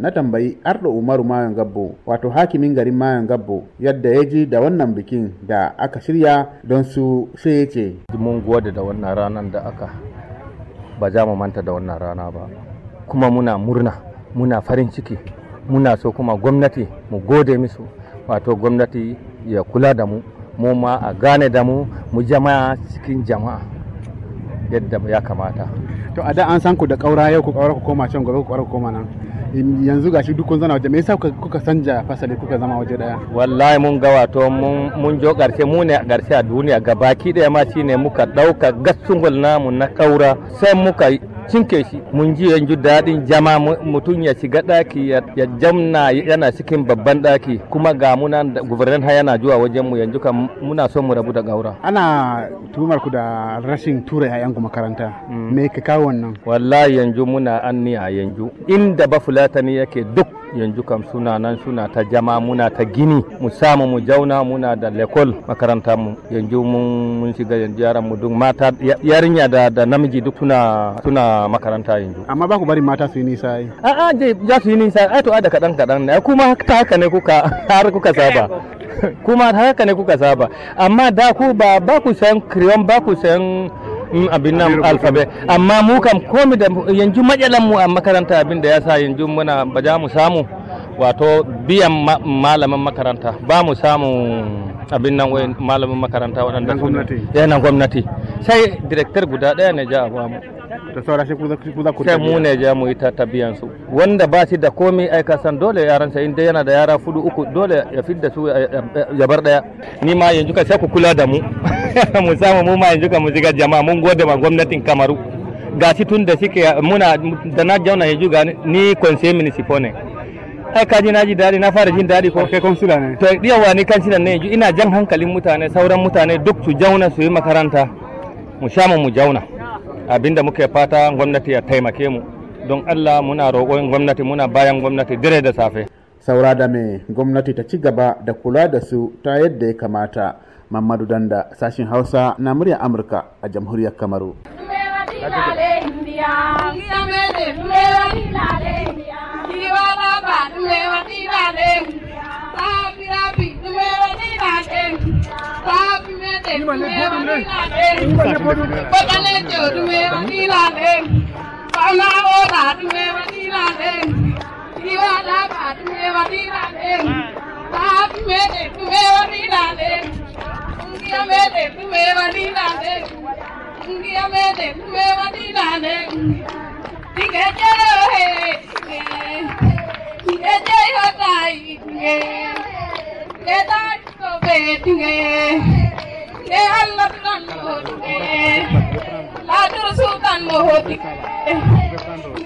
na tambayi ardo umaru mayon gabbo wato hakimin garin mayon gabbo yadda ya ji da wannan bikin da aka shirya don su sai ya ce mun gode da wannan ranar da aka ba za mu manta da wannan rana ba kuma muna murna muna farin ciki muna so kuma gwamnati mu gode musu wato gwamnati ya kula da mu mu ma a gane da mu mu jama'a cikin jama'a yadda ya kamata to a da an san ku da kaura yau ku kaura ku koma can gobe ku kaura ku koma nan yanzu gashi duk kun zana waje me yasa kuka sanja fasali kuka zama waje daya wallahi mun ga wato mun jo karshe mu ne karshe a duniya gabaki daya ma shine muka dauka gassungul namu na kaura sai muka cinke shi mun ji yanzu daɗin jama mutum ya shiga ɗaki ya jamna yana cikin babban ɗaki kuma ga muna gubernan ha yana zuwa wajenmu yanzu kan muna son mu rabu da gaura ana tumar ku da rashin tura yayan ku makaranta mm. me ka kawo wannan wallahi yanzu muna anniya yanzu inda ba fulatani yake duk yanzu kam suna nan suna ta jama muna ta gini mu samu mu jauna muna da lekol makaranta mu yanzu mun shiga yanzu yaran mu duk mata yarinya da namiji duk suna makaranta yanzu amma ba ku bari mata su yi nisa yi a a je za su yi nisa ai to ada kadan kadan ne kuma ta haka ne kuka har kuka saba kuma haka ne kuka saba amma da ku ba ba ku san kriyon ba ku san mm, abin nan alfabe amma mu kam komi da yanzu majalan mu a makaranta abin da ya sa yanzu muna ba za mu samu wato biyan malamin makaranta ba mu samu abin nan malamin makaranta waɗanda su gwamnati sai direktar guda ɗaya ne ja a mu. da saura shi za ku sai mu ne ja mu yi ta tabiyan su wanda ba shi da komai ai ka san dole yaran sa inda yana da yara fudu uku dole ya fidda su ya bar daya ni ma yanzu ka sai ku kula da mu mu samu mu ma yanzu ka mu ziga jama'a mun gode ma gwamnatin Kamaru ga shi tun da suke muna da na jauna yanzu ga ni conseil municipal ne ai ka ji naji daɗi na fara jin daɗi ko kai kansila ne to yawa ni kansila ne yanzu ina jan hankalin mutane sauran mutane duk su jauna su yi makaranta mu sha mu jauna abinda muke fata gwamnati ya taimake mu don allah muna roƙon gwamnati muna bayan gwamnati dire da safe saura da me gwamnati ta ci gaba da kula da su ta yadda ya kamata mamadu danda sashin hausa na muryar amurka a jamhuriyar kamaru Babalẹ́jọ́ dúwé wa ní ìlàlẹ́, होती है आदर सुल्तान मोहती